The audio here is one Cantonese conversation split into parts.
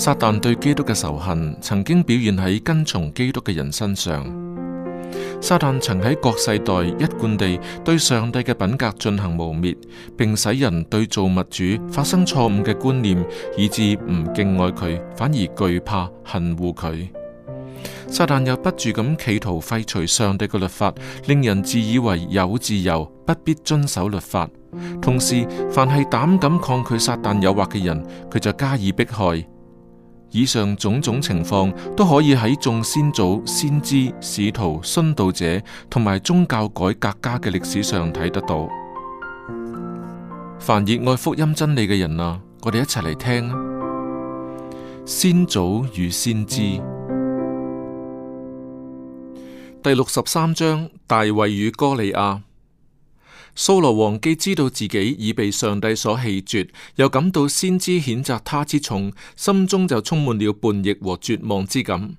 撒旦對基督嘅仇恨曾經表現喺跟從基督嘅人身上。撒旦曾喺各世代一貫地對上帝嘅品格進行誣蔑，並使人對造物主發生錯誤嘅觀念，以致唔敬愛佢，反而懼怕、恨惡佢。撒旦又不住咁企圖廢除上帝嘅律法，令人自以為有自由，不必遵守律法。同時，凡係膽敢抗拒撒旦誘惑嘅人，佢就加以迫害。以上種種情況都可以喺眾先祖、先知、使徒、殉道者同埋宗教改革家嘅歷史上睇得到。凡熱愛福音真理嘅人啊，我哋一齊嚟聽啊！先祖與先知第六十三章：大衛與哥利亞。蘇羅王既知道自己已被上帝所棄絕，又感到先知譴責他之重，心中就充滿了叛逆和絕望之感。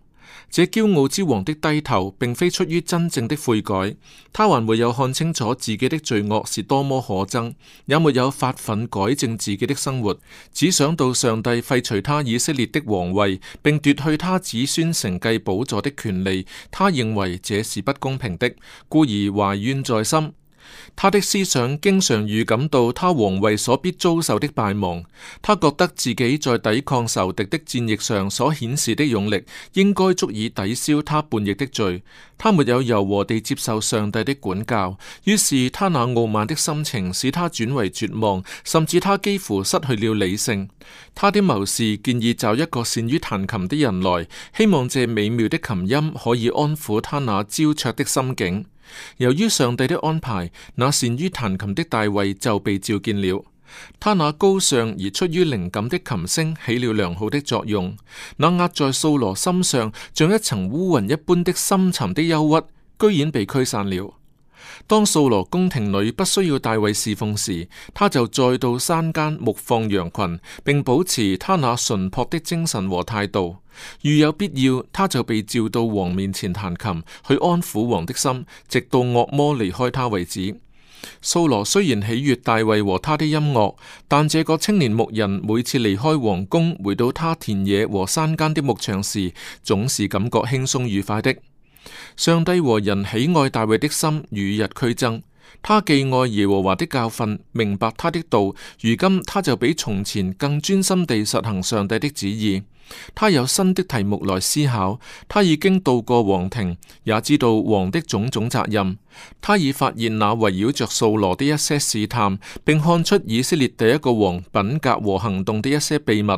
這驕傲之王的低頭，並非出於真正的悔改。他還沒有看清楚自己的罪惡是多麼可憎，也沒有發奮改正自己的生活。只想到上帝廢除他以色列的皇位，並奪去他子孫承繼寶座的權利，他認為這是不公平的，故而懷怨在心。他的思想經常預感到他王位所必遭受的敗亡，他覺得自己在抵抗仇敵的戰役上所顯示的勇力，應該足以抵消他叛逆的罪。他沒有柔和地接受上帝的管教，於是他那傲慢的心情使他轉為絕望，甚至他幾乎失去了理性。他的謀士建議找一個善於彈琴的人來，希望借美妙的琴音可以安撫他那焦灼的心境。由於上帝的安排，那善於彈琴的大衛就被召見了。他那高尚而出於靈感的琴聲起了良好的作用，那壓在掃羅心上像一層烏雲一般的深沉的憂鬱，居然被驅散了。當掃羅宮廷裏不需要大衛侍奉時，他就再到山間牧放羊群，並保持他那純樸的精神和態度。如有必要，他就被召到王面前彈琴，去安撫王的心，直到惡魔離開他為止。掃羅雖然喜悅大衛和他的音樂，但這個青年牧人每次離開皇宮，回到他田野和山間的牧場時，總是感覺輕鬆愉快的。上帝和人喜愛大衛的心與日俱增。他既愛耶和華的教訓，明白他的道，如今他就比從前更專心地實行上帝的旨意。他有新的題目來思考，他已經到過皇庭，也知道王的種種責任。他已發現那圍繞着掃羅的一些試探，並看出以色列第一個王品格和行動的一些秘密。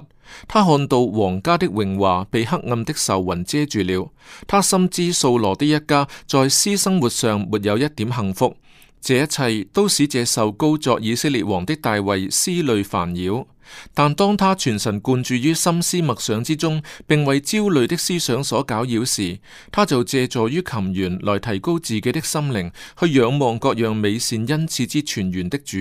他看到皇家的榮華被黑暗的愁雲遮住了。他深知掃羅的一家在私生活上沒有一點幸福。這一切都使這受高作以色列王的大衛思慮煩擾，但當他全神貫注於心思默想之中，並為焦慮的思想所攪擾時，他就借助於琴弦來提高自己的心靈，去仰望各樣美善恩賜之全源的主。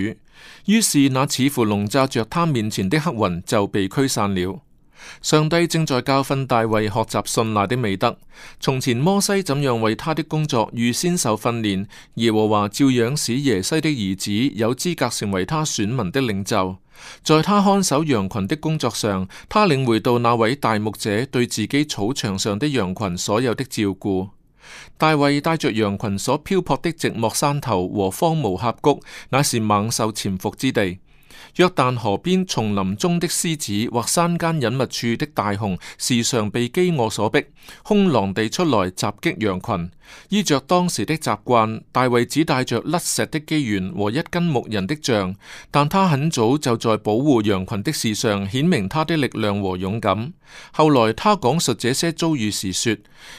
於是，那似乎籠罩着他面前的黑雲就被驅散了。上帝正在教訓大衛學習信賴的美德。從前摩西怎樣為他的工作預先受訓練，耶和華照樣使耶西的兒子有資格成為他選民的領袖。在他看守羊群的工作上，他領會到那位大牧者對自己草場上的羊群所有的照顧。大衛帶着羊群所漂泊的寂寞山頭和荒蕪峽，峽谷，那是猛獸潛伏之地。約旦河邊叢林中的獅子，或山間隱密處的大熊，時常被飢餓所逼，凶狼地出來襲擊羊群。依着當時的習慣，大衛只帶着甩石的機緣和一根牧人的杖，但他很早就在保護羊群的事上顯明他的力量和勇敢。後來他講述這些遭遇時說：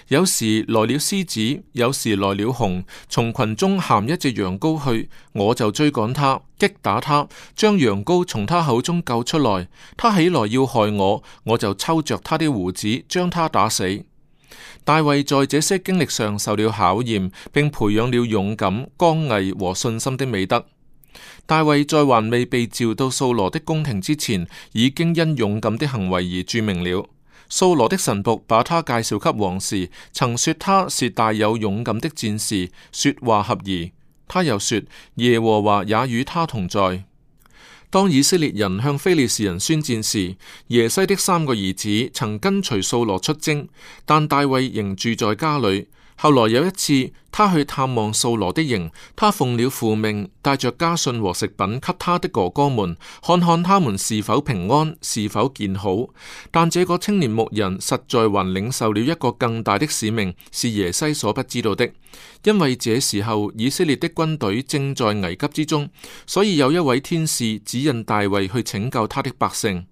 有時來了獅子，有時來了熊，從群中銜一隻羊羔去，我就追趕他。擊打他，將羊羔從他口中救出來。他起來要害我，我就抽着他的鬍子，將他打死。大衛在這些經歷上受了考驗，並培養了勇敢、剛毅和信心的美德。大衛在還未被召到掃羅的宮廷之前，已經因勇敢的行為而著名了。掃羅的神僕把他介紹給王時，曾說他是大有勇敢的戰士，說話合宜。他又說：耶和華也與他同在。當以色列人向非利士人宣戰時，耶西的三個兒子曾跟隨掃羅出征，但大衛仍住在家裏。後來有一次，他去探望掃羅的營，他奉了父命，帶着家信和食品給他的哥哥們，看看他們是否平安，是否健好。但這個青年牧人實在還領受了一個更大的使命，是耶西所不知道的，因為這時候以色列的軍隊正在危急之中，所以有一位天使指引大衛去拯救他的百姓。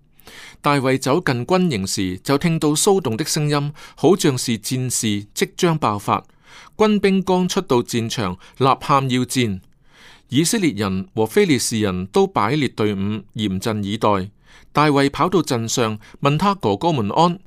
大衛走近軍營時，就聽到騷動的聲音，好像是戰事即將爆發。軍兵剛出到戰場，吶喊要戰。以色列人和非利士人都擺列隊伍，嚴陣以待。大衛跑到陣上，問他哥哥們安。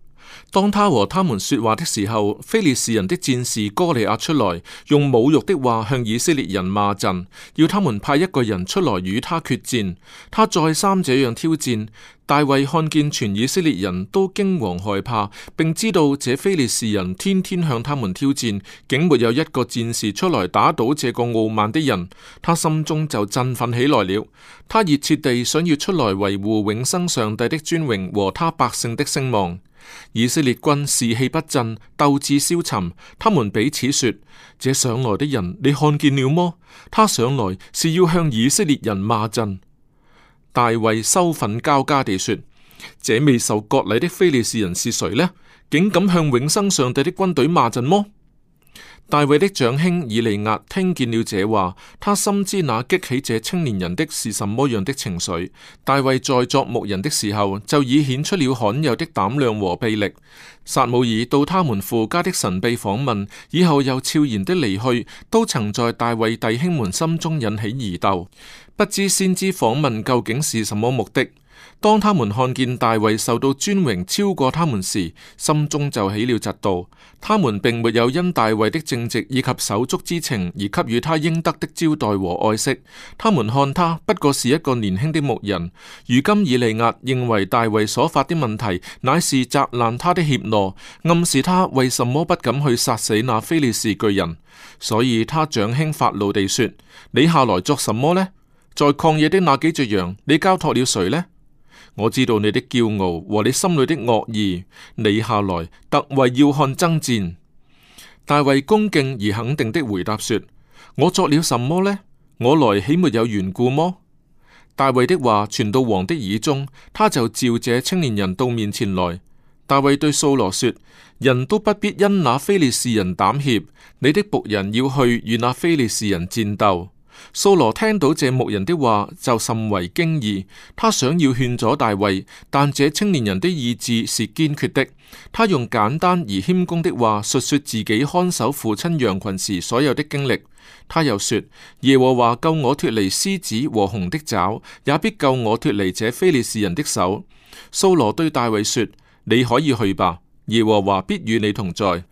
當他和他們說話的時候，非利士人的戰士哥利亞出來，用侮辱的話向以色列人罵陣，要他們派一個人出來與他決戰。他再三這樣挑戰，大衛看見全以色列人都驚惶害怕，並知道這非利士人天天向他們挑戰，竟沒有一個戰士出來打倒這個傲慢的人，他心中就振奮起來了。他熱切地想要出來維護永生上帝的尊榮和他百姓的聲望。以色列軍士氣不振，鬥志消沉。他們彼此說：這上來的人，你看見了麼？他上來是要向以色列人罵陣。大衛羞憤交加地說：這未受割禮的非利士人是誰呢？竟敢向永生上帝的軍隊罵陣麼？大衛的長兄以利押聽見了這話，他深知那激起這青年人的是什麼樣的情緒。大衛在作牧人的時候，就已顯出了罕有的膽量和臂力。撒母耳到他們父家的神秘訪問以後，又悄然的離去，都曾在大衛弟兄們心中引起疑竇，不知先知訪問究竟是什麼目的。當他們看見大衛受到尊榮超過他們時，心中就起了嫉妒。他們並沒有因大衛的正直以及手足之情而給予他應得的招待和愛惜。他們看他不過是一個年輕的牧人。如今以利押認為大衛所發的問題乃是責難他的怯懦，暗示他為什麼不敢去殺死那非利士巨人，所以他長兄發怒地說：你下來作什麼呢？在曠野的那幾隻羊，你交託了誰呢？我知道你的驕傲和你心裏的惡意，你下來特為要看爭戰。大衛恭敬而肯定的回答說：我作了什麼呢？我來豈沒有緣故麼？大衛的話傳到王的耳中，他就召這青年人到面前來。大衛對掃羅說：人都不必因那非利士人膽怯，你的僕人要去與那非利士人戰鬥。掃羅聽到這牧人的話就甚為驚異，他想要勸阻大衛，但這青年人的意志是堅決的。他用簡單而謙恭的話述說自己看守父親羊群時所有的經歷。他又說：耶和華救我脫離獅子和熊的爪，也必救我脫離這非利士人的手。掃羅對大衛說：你可以去吧，耶和華必與你同在。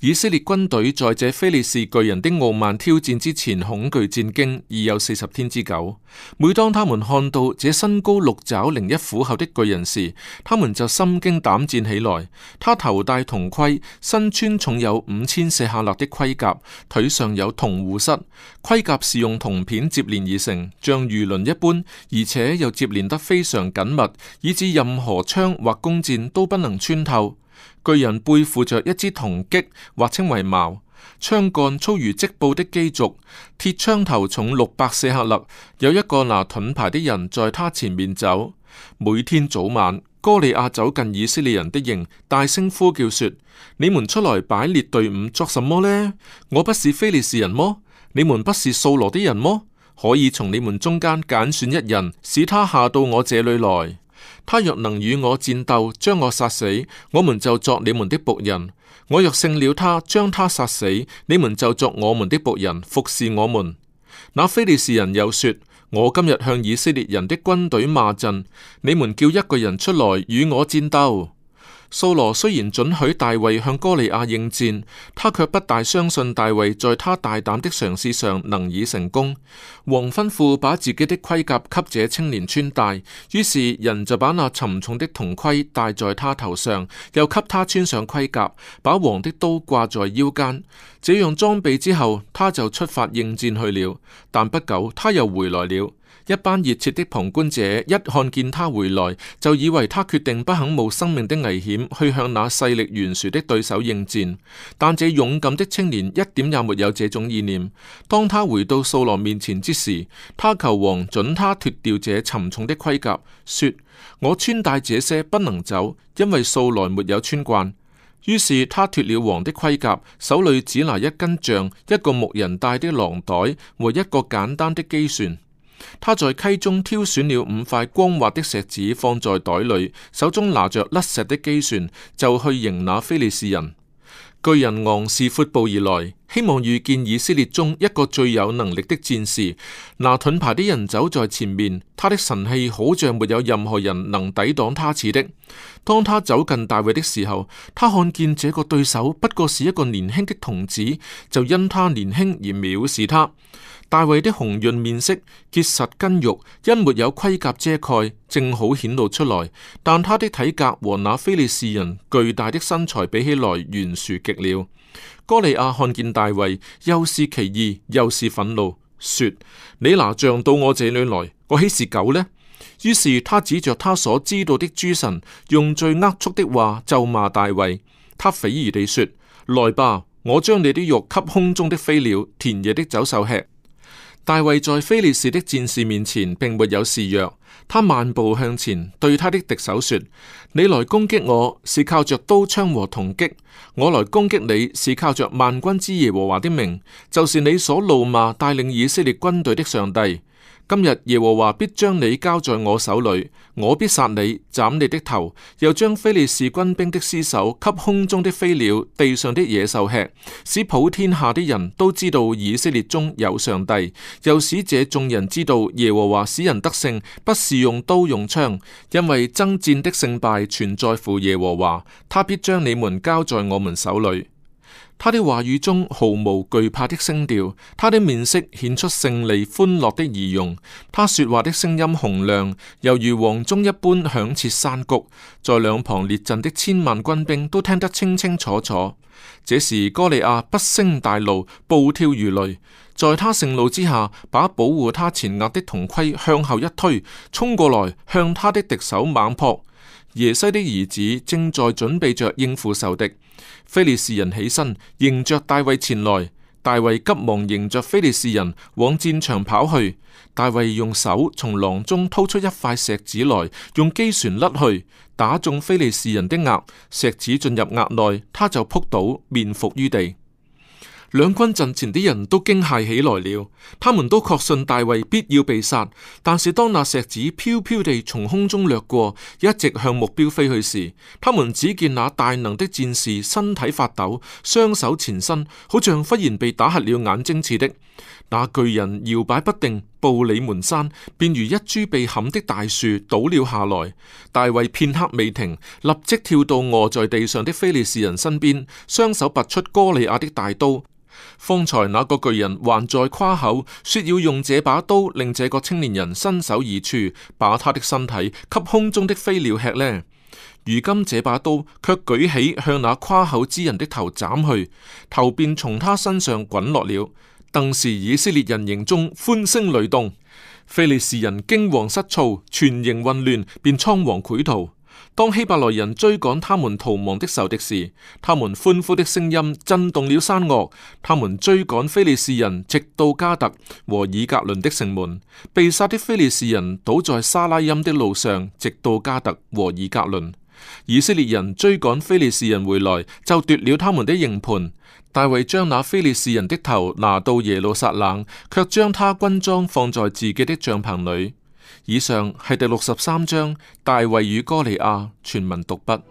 以色列軍隊在這非利士巨人的傲慢挑戰之前恐懼戰兢已有四十天之久。每當他們看到這身高六肘、零一虎口的巨人時，他們就心驚膽戰起來。他頭戴銅盔，身穿重有五千舍客勒的盔甲，腿上有銅護膝。盔甲是用銅片接連而成，像魚鱗一般，而且又接連得非常緊密，以致任何槍或弓箭都不能穿透。巨人背負着一支銅戟，或稱為矛，槍桿粗如織布的機軸，鐵槍頭重六百舍客勒。有一個拿盾牌的人在他前面走。每天早晚，哥利亞走近以色列人的營，大聲呼叫說：你們出來擺列隊伍作什麼呢？我不是非利士人麼？你們不是掃羅的人麼？可以從你們中間揀選一人，使他下到我這裏來。他若能與我戰鬥，將我殺死，我們就作你們的僕人；我若勝了他，將他殺死，你們就作我們的僕人服侍我們。那菲利士人又說：我今日向以色列人的軍隊罵陣，你們叫一個人出來與我戰鬥。掃羅雖然准許大衛向哥利亞應戰，他却不大相信大衛在他大膽的嘗試上能以成功。王吩咐把自己的盔甲給這青年穿戴，於是人就把那沉重的銅盔戴在他頭上，又給他穿上盔甲，把王的刀掛在腰間。這樣裝備之後，他就出發應戰去了，但不久，他又回來了。一班熱切的旁觀者一看見他回來，就以為他決定不肯冒生命的危險去向那勢力懸殊的對手應戰。但這勇敢的青年一點也沒有這種意念。當他回到掃羅面前之時，他求王准他脱掉這沉重的盔甲，說：我穿戴這些不能走，因為素來沒有穿慣。於是他脱了王的盔甲，手裡只拿一根杖，一個牧人帶的狼袋和一個簡單的機船。他在溪中挑選了五塊光滑的石子，放在袋裏，手中拿着甩石的機船，就去迎那非利士人。巨人昂首闊步而來。希望遇見以色列中一個最有能力的戰士，拿盾牌的人走在前面。他的神氣好像沒有任何人能抵擋他似的。當他走近大衛的時候，他看見這個對手不過是一個年輕的童子，就因他年輕而藐視他。大衛的紅潤面色、結實筋肉，因沒有盔甲遮蓋，正好顯露出來。但他的體格和那非利士人巨大的身材比起來，懸殊極了。哥利亞看見大衛，又是奇異，又是憤怒，說：你拿杖到我這裏來，我豈是狗呢？於是他指着他所知道的諸神，用最扼促的話咒罵大衛。他鄙夷地說：來吧，我將你的肉給空中的飛鳥、田野的走獸吃。大衛在非利士的戰士面前，並沒有示弱。他邁步向前，對他的敵手說：你來攻擊我是靠着刀槍和銅戟，我來攻擊你是靠着萬軍之耶和華的名，就是你所怒罵帶領以色列軍隊的上帝。今日耶和華必將你交在我手裏，我必殺你，斬你的頭，又將非利士軍兵的屍首給空中的飛鳥、地上的野獸吃，使普天下的人都知道以色列中有上帝，又使這眾人知道耶和華使人得勝，不是用刀用槍，因為爭戰的勝敗全在乎耶和華，他必將你們交在我們手裏。他的話語中毫無懼怕的聲調，他的面色顯出勝利歡樂的儀容，他說話的聲音洪亮，又如黃鐘一般響徹山谷，在兩旁列陣的千萬軍兵都聽得清清楚楚。這時，哥利亞不勝大怒，暴跳如雷。在他盛怒之下，把保護他前額的銅盔向後一推，衝過來向他的敵手猛撲。耶西的兒子正在準備着應付仇敵，菲利士人起身迎着大衛前來，大衛急忙迎着菲利士人往戰場跑去。大衛用手從囊中掏出一塊石子來，用機弦甩去，打中菲利士人的額，石子進入額內，他就撲倒，面伏於地。兩軍陣前啲人都驚駭起來了，他們都確信大衛必要被殺。但是當那石子飄飄地從空中掠過，一直向目標飛去時，他們只見那大能的戰士身體發抖，雙手前伸，好像忽然被打瞎了眼睛似的。那巨人搖擺不定，步履蹣跚便如一株被砍的大樹倒了下來。大衛片刻未停，立即跳到臥在地上的非利士人身邊，雙手拔出哥利亞的大刀。方才那個巨人還在誇口，說要用這把刀令這個青年人身首異處，把他的身體給空中的飛鳥吃呢。如今這把刀卻舉起向那誇口之人的頭斬去，頭便從他身上滾落了。頓時以色列人營中歡聲雷動，非利士人驚惶失措，全營混亂，便倉皇潰逃。當希伯來人追趕他們逃亡的仇敵時，他們歡呼的聲音震動了山岳。他們追趕非利士人，直到加特和以格倫的城門。被殺的非利士人倒在沙拉音的路上，直到加特和以格倫。以色列人追趕非利士人回來，就奪了他們的營盤。大衛將那非利士人的頭拿到耶路撒冷，却將他軍裝放在自己的帳篷裏。以上係第六十三章《大衛與歌利亞》全文讀畢。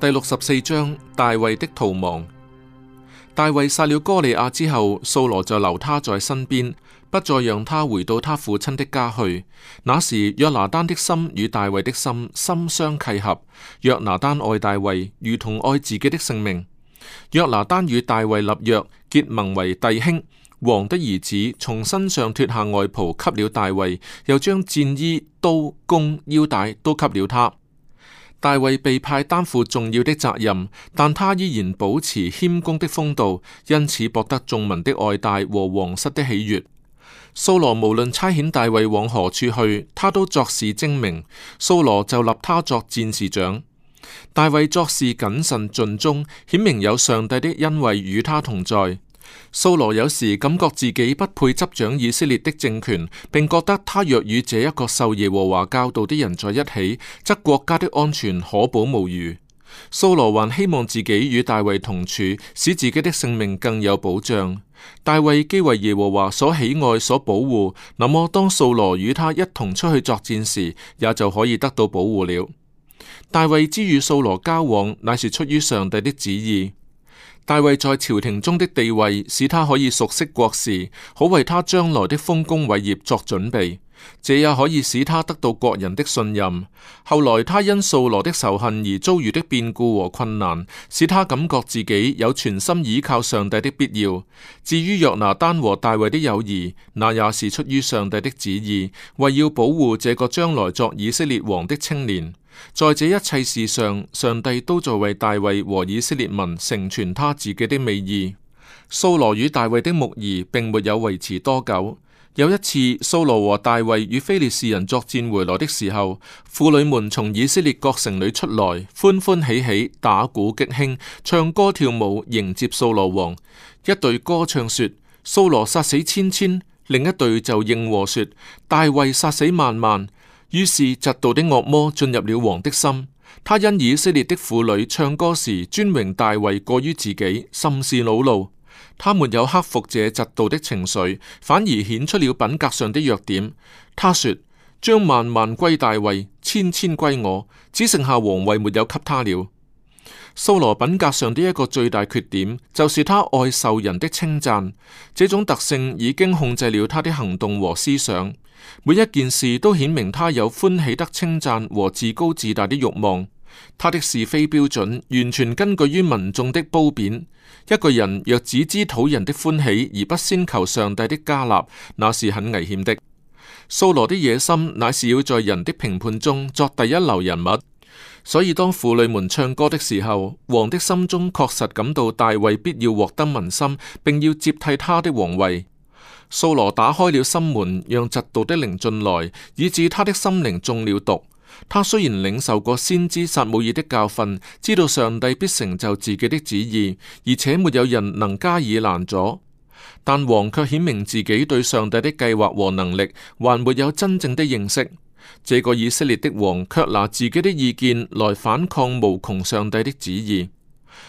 第六十四章大衛的逃亡。大衛殺了哥利亞之後，掃羅就留他在身邊，不再讓他回到他父親的家去。那時，約拿單的心與大衛的心心相契合。約拿單愛大衛，如同愛自己的性命。約拿單與大衛立約，結盟為弟兄。王的兒子從身上脫下外袍，給了大衛，又將戰衣、刀、弓、腰帶都給了他。大衛被派擔負重要的責任，但他依然保持謙恭的風度，因此博得眾民的愛戴和皇室的喜悅。掃羅無論差遣大衛往何處去，他都作事精明。掃羅就立他作戰士長。大衛做事謹慎盡忠，顯明有上帝的恩惠與他同在。掃羅有時感覺自己不配執掌以色列的政權，並覺得他若與這一個受耶和華教導的人在一起，則國家的安全可保無虞。掃羅還希望自己與大衛同處，使自己的性命更有保障。大衛既為耶和華所喜愛、所保護，那麼當掃羅與他一同出去作戰時，也就可以得到保護了。大衛之與掃羅交往，乃是出於上帝的旨意。大衛在朝廷中的地位，使他可以熟悉國事，好為他將來的豐功偉業作準備。這也可以使他得到國人的信任。後來他因掃羅的仇恨而遭遇的變故和困難，使他感覺自己有全心倚靠上帝的必要。至於約拿單和大衛的友誼，那也是出於上帝的旨意，為要保護這個將來作以色列王的青年。在這一切事上，上帝都在為大衛和以色列民成全他自己的美意。掃羅與大衛的友誼並沒有維持多久。有一次，掃羅和大衛與非利士人作戰回來的時候，婦女們從以色列各城裏出來，歡歡喜喜，打鼓擊磬，唱歌跳舞迎接掃羅王。一隊歌唱說：掃羅殺死千千；另一隊就應和說：大衛殺死萬萬。於是嫉妒的惡魔進入了王的心，他因以色列的婦女唱歌時尊榮大衛過於自己，甚是惱怒。他沒有克服這嫉妒的情緒，反而顯出了品格上的弱點。他說：將萬萬歸大衛，千千歸我，只剩下王位沒有給他了。掃羅品格上的一個最大缺點，就是他愛受人的稱讚。這種特性已經控制了他的行動和思想，每一件事都顯明他有歡喜得稱讚和自高自大的欲望。他的是非標準完全根據於民眾的褒貶。一個人若只知討人的歡喜而不先求上帝的嘉納，那是很危險的。掃羅的野心乃是要在人的評判中作第一流人物。所以當婦女們唱歌的時候，王的心中確實感到大衛必要獲得民心，並要接替他的皇位。掃羅打開了心門，讓嫉妒的靈進來，以致他的心靈中了毒。他雖然領受過先知撒母耳的教訓，知道上帝必成就自己的旨意，而且沒有人能加以攔阻，但王卻顯明自己對上帝的計劃和能力還沒有真正的認識。這個以色列的王卻拿自己的意見來反抗無窮上帝的旨意。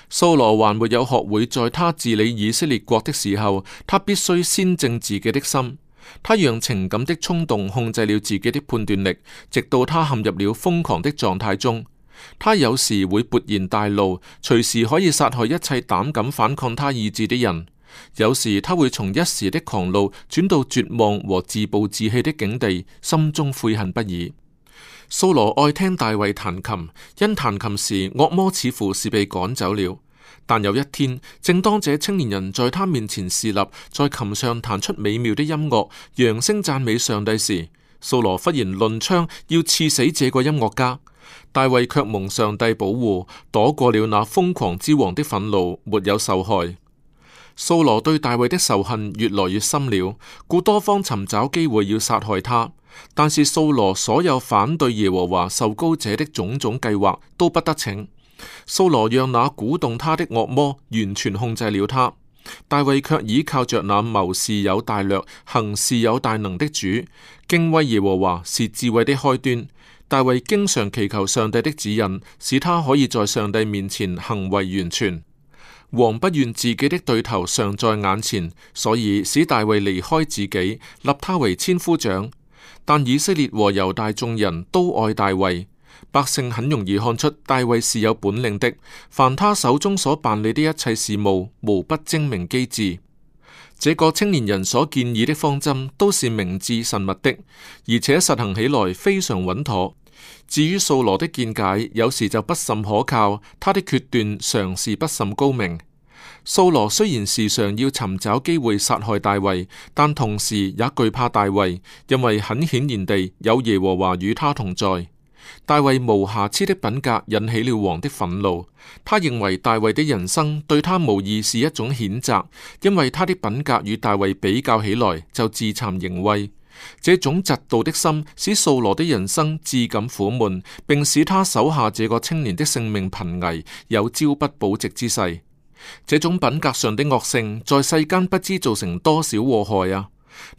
掃羅還沒有學會在他治理以色列國的時候，他必須先正自己的心。他讓情感的衝動控制了自己的判斷力，直到他陷入了瘋狂的狀態中。他有時會勃然大怒，隨時可以殺害一切膽敢反抗他意志的人；有時他會從一時的狂怒轉到絕望和自暴自棄的境地，心中悔恨不已。掃羅愛聽大衛彈琴，因彈琴時惡魔似乎是被趕走了。但有一天，正當這青年人在他面前侍立，在琴上彈出美妙的音樂，揚聲讚美上帝時，掃羅忽然掄槍要刺死這個音樂家。大衛卻蒙上帝保護，躲過了那瘋狂之王的憤怒，沒有受害。掃羅對大衛的仇恨越來越深了，故多方尋找機會要殺害他。但是掃羅所有反對耶和華受膏者的種種計劃都不得逞。掃羅讓那鼓動他的惡魔完全控制了他，大衛卻倚靠着那謀事有大略、行事有大能的主，敬畏耶和華是智慧的開端。大衛經常祈求上帝的指引，使他可以在上帝面前行為完全。王不願自己的對頭尚在眼前，所以使大衛離開自己，立他為千夫長。但以色列和猶大眾人都愛大衛。百姓很容易看出大衛是有本領的，凡他手中所辦理的一切事務，無不精明機智。這個青年人所建議的方針都是明智神密的，而且實行起來非常穩妥。至於掃羅的見解，有時就不甚可靠，他的決斷常是不甚高明。掃羅雖然時常要尋找機會殺害大衛，但同時也懼怕大衛，因為很顯然地有耶和華與他同在。大衛無瑕疵的品格引起了王的憤怒，他認為大衛的人生對他無疑是一種譴責，因為他的品格與大衛比較起來就自慚形穢。這種嫉妒的心使掃羅的人生自感苦悶，並使他手下這個青年的性命瀕危，有朝不保夕之勢。這種品格上的惡性在世間不知造成多少禍害啊！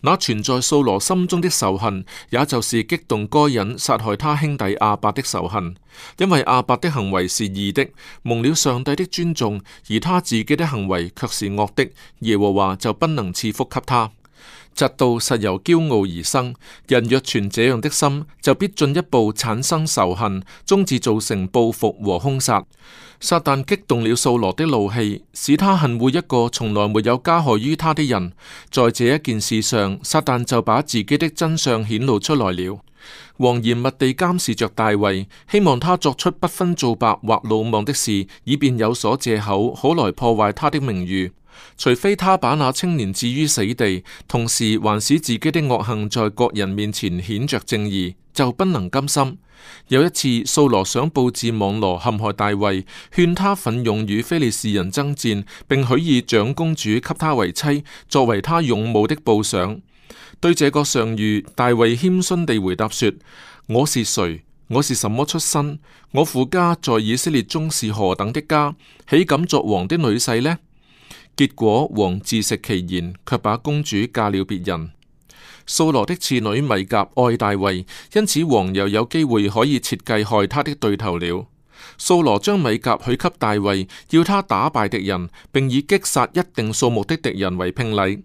那存在掃羅心中的仇恨，也就是激動該隱殺害他兄弟阿伯的仇恨，因為阿伯的行為是義的，蒙了上帝的尊重，而他自己的行為却是惡的，耶和華就不能賜福給他。嫉妒實由驕傲而生，人若存這樣的心，就必進一步產生仇恨，終至造成報復和凶殺。撒旦激動了掃羅的怒氣，使他恨侮一個從來沒有加害於他的人。在這一件事上，撒旦就把自己的真相顯露出來了，王嚴密地監視着大衛，希望他作出不分皂白或魯莽的事，以便有所借口，好來破壞他的名譽。除非他把那青年置於死地，同時還使自己的惡行在國人面前顯着正義，就不能甘心。有一次，掃羅想布置網羅陷害大衛，勸他奮勇與菲利士人爭戰，并許以長公主給他為妻，作為他勇武的報賞。對這個上諭，大衛謙遜地回答說：我是誰？我是什麼出身？我父家在以色列中是何等的家，豈敢作王的女婿呢？結果王自食其言，卻把公主嫁了別人。素羅的次女米甲愛大衛，因此王又有機會可以設計害他的對頭了。素羅將米甲許給大衛，要他打敗敵人，並以擊殺一定數目的敵人為聘禮。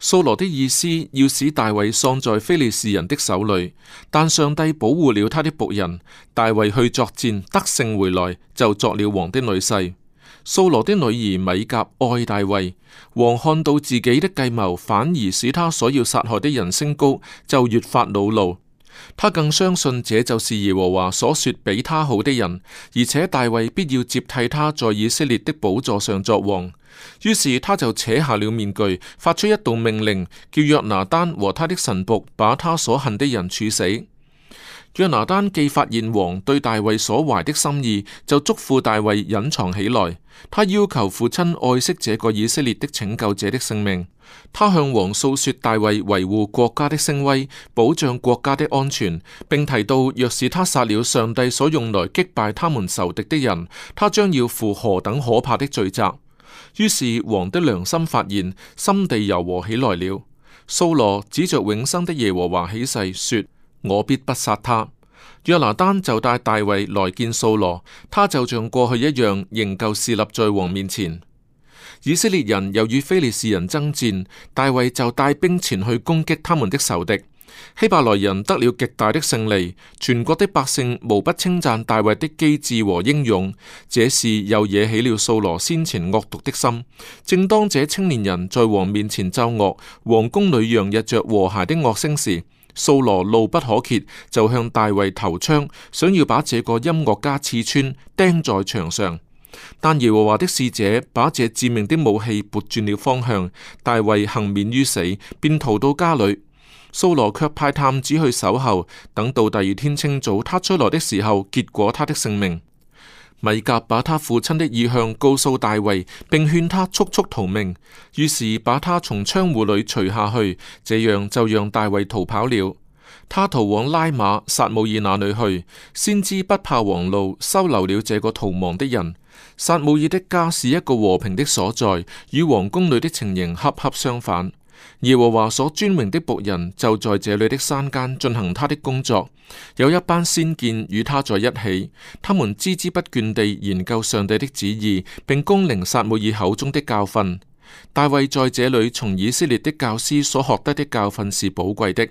素羅的意思要使大衛喪在菲利士人的手裏，但上帝保護了他的僕人。大衛去作戰，得勝回來，就作了王的女婿。掃羅的女兒米甲愛大衛王，看到自己的計謀反而使他所要殺害的人升高，就越發惱怒。他更相信這就是耶和華所說比他好的人，而且大衛必要接替他在以色列的寶座上作王。於是他就扯下了面具，發出一道命令，叫約拿丹和他的神僕把他所恨的人處死。約拿單既發現王對大衛所懷的心意，就囑咐大衛隱藏起來。他要求父親愛惜這個以色列的拯救者的性命。他向王訴說大衛維護國家的聲威，保障國家的安全，並提到若是他殺了上帝所用來擊敗他們仇敵的人，他將要負何等可怕的罪責。於是王的良心發現，心地柔和起來了。掃羅指着永生的耶和華起誓說。我必不殺他。約拿單就帶大衛來見掃羅，他就像過去一樣，仍舊侍立在王面前。以色列人又與非利士人爭戰，大衛就帶兵前去攻擊他們的仇敵。希伯來人得了極大的勝利，全國的百姓無不稱讚大衛的機智和英勇。這事又惹起了掃羅先前惡毒的心。正當這青年人在王面前奏樂，王宮裏洋溢着和諧的樂聲時，掃羅怒不可遏，就向大衛投槍，想要把這個音樂家刺穿，釘在牆上。但耶和華的使者把這致命的武器撥轉了方向，大衛幸免於死，便逃到家裏。掃羅却派探子去守候，等到第二天清早他出來的時候，結果他的性命。米甲把他父親的意向告訴大衛，並勸他速速逃命，於是把他從窗戶裏除下去，這樣就讓大衛逃跑了。他逃往拉馬，撒母耳那裏去，先知不怕王怒收留了這個逃亡的人。撒母耳的家是一個和平的所在，與皇宮裏的情形恰恰相反。耶和華所尊榮的僕人就在這裏的山間進行他的工作，有一班先見與他在一起，他們孜孜不倦地研究上帝的旨意，並恭聆撒母耳口中的教訓。大衛在這裏從以色列的教師所學得的教訓是寶貴的。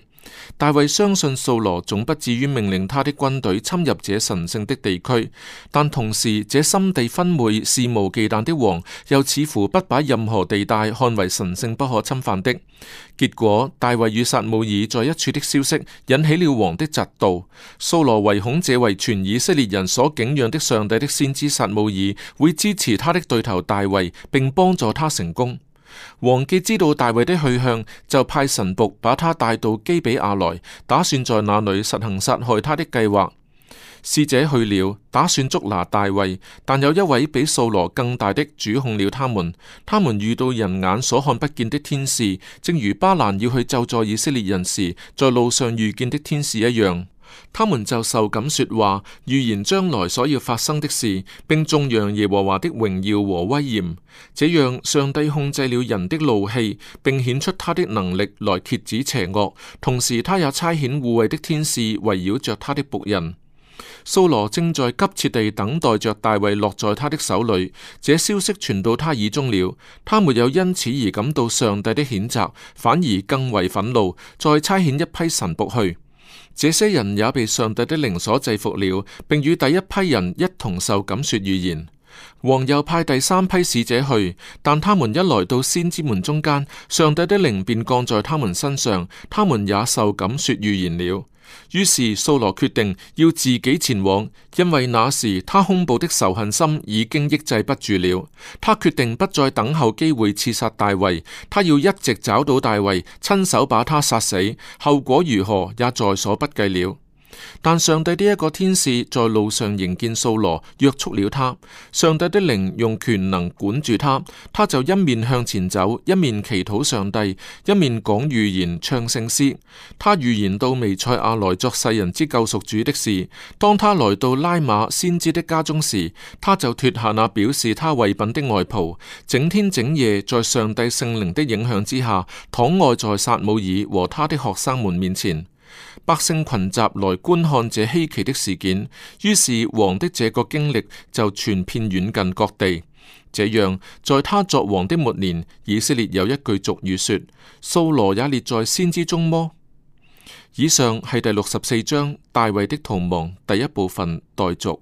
大衛相信掃羅總不至於命令他的軍隊侵入這神聖的地區，但同時這心地昏昧、肆無忌憚的王又似乎不把任何地帶看為神聖不可侵犯的。結果，大衛與撒母耳在一處的消息引起了王的嫉妒。掃羅唯恐這位全以色列人所敬仰的上帝的先知撒母耳會支持他的對頭大衛，並幫助他成功。王記知道大衛的去向，就派神僕把他帶到基比亞來，打算在那裏實行殺害他的計劃。使者去了，打算捉拿大衛，但有一位比掃羅更大的主控了他們。他們遇到人眼所看不見的天使，正如巴蘭要去咒詛以色列人時，在路上遇見的天使一樣。他們就受感說話，預言將來所要發生的事，並頌揚耶和華的榮耀和威嚴。這樣，上帝控制了人的怒氣，並顯出他的能力來遏止邪惡。同時，他也差遣護衛的天使圍繞着他的僕人。掃羅正在急切地等待着大衛落在他的手裏。這消息傳到他耳中了，他沒有因此而感到上帝的譴責，反而更為憤怒，再差遣一批神僕去。這些人也被上帝的靈所制服了，並與第一批人一同受感說預言。王又派第三批使者去，但他們一來到先知們中間，上帝的靈便降在他們身上，他們也受感說預言了。於是掃羅決定要自己前往，因為那時他恐怖的仇恨心已經抑制不住了。他決定不再等候機會刺殺大衛，他要一直找到大衛，親手把他殺死。後果如何也在所不計了。但上帝的一個天使在路上迎見掃羅，約束了他，上帝的靈用權能管住他，他就一面向前走，一面祈禱上帝，一面講預言、唱聖詩。他預言到彌賽亞來作世人之救贖主的事。當他來到拉馬先知的家中時，他就脫下那表示他位品的外袍，整天整夜在上帝聖靈的影響之下，躺臥在撒母耳和他的學生們面前。百姓群集來觀看這稀奇的事件，於是王的這個經歷就傳遍遠近各地。這樣，在他作王的末年，以色列有一句俗語說：掃羅也列在先知中麼？以上係第六十四章大衛的逃亡第一部分代讀。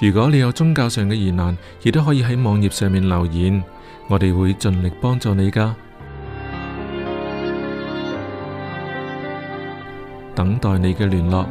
如果你有宗教上嘅疑難，亦都可以喺網頁上面留言，我哋會盡力幫助你噶，等待你嘅聯絡。